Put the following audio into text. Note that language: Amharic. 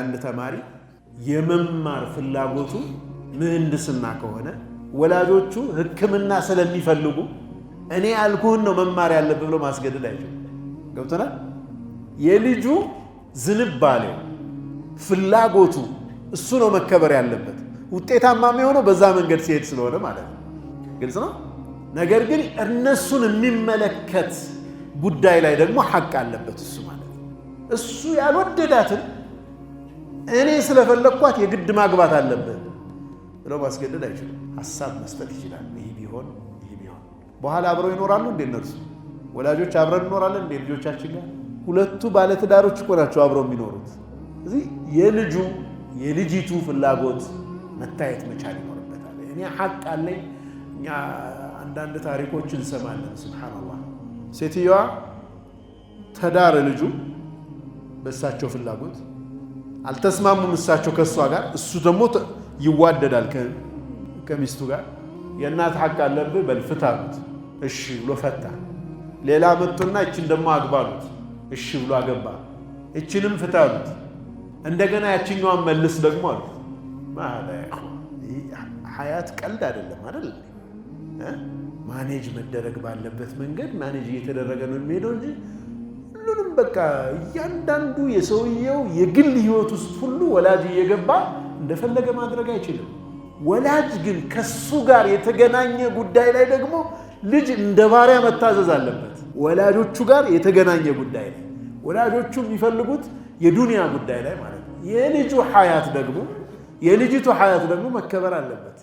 አንድ ተማሪ የመማር ፍላጎቱ ምህንድስና ከሆነ ወላጆቹ ሕክምና ስለሚፈልጉ እኔ ያልኩህን ነው መማር ያለብህ ብሎ ማስገደድ አይችልም። ገብቶናል። የልጁ ዝንባሌው ፍላጎቱ እሱ ነው መከበር ያለበት። ውጤታማ የሚሆነው በዛ መንገድ ሲሄድ ስለሆነ ማለት ነው። ግልጽ ነው። ነገር ግን እነሱን የሚመለከት ጉዳይ ላይ ደግሞ ሐቅ አለበት እሱ ማለት ነው። እሱ ያልወደዳትን እኔ ስለፈለግኳት የግድ ማግባት አለብህ ብሎ ማስገደድ አይችልም። ሀሳብ መስጠት ይችላል። ይህ ቢሆን ይህ ቢሆን በኋላ አብረው ይኖራሉ እንዴ? እነርሱ ወላጆች አብረን እኖራለን እንዴ? ልጆቻችን ጋር ሁለቱ ባለትዳሮች እኮ ናቸው አብረው የሚኖሩት። እዚህ የልጁ የልጅቱ ፍላጎት መታየት መቻል ይኖርበታል። እኔ ሀቅ አለኝ። እኛ አንዳንድ ታሪኮች እንሰማለን። ስብሓንላህ ሴትየዋ ተዳረ ልጁ በእሳቸው ፍላጎት አልተስማሙም እሳቸው ከእሷ ጋር፣ እሱ ደግሞ ይዋደዳል ከሚስቱ ጋር። የእናት ሀቅ አለብህ በል ፍታ አሉት። እሺ ብሎ ፈታ። ሌላ መጡና እችን ደግሞ አግባሉት። እሺ ብሎ አገባ። እችንም ፍታ አሉት። እንደገና ያችኛዋን መልስ ደግሞ አሉት። ሀያት ቀልድ አይደለም አይደል? ማኔጅ መደረግ ባለበት መንገድ ማኔጅ እየተደረገ ነው የሚሄደው እንጂ ሁሉንም በቃ እያንዳንዱ የሰውየው የግል ህይወት ውስጥ ሁሉ ወላጅ እየገባ እንደፈለገ ማድረግ አይችልም። ወላጅ ግን ከሱ ጋር የተገናኘ ጉዳይ ላይ ደግሞ ልጅ እንደ ባሪያ መታዘዝ አለበት። ወላጆቹ ጋር የተገናኘ ጉዳይ ላይ ወላጆቹ የሚፈልጉት የዱንያ ጉዳይ ላይ ማለት ነው። የልጁ ሀያት ደግሞ የልጅቱ ሀያት ደግሞ መከበር አለበት።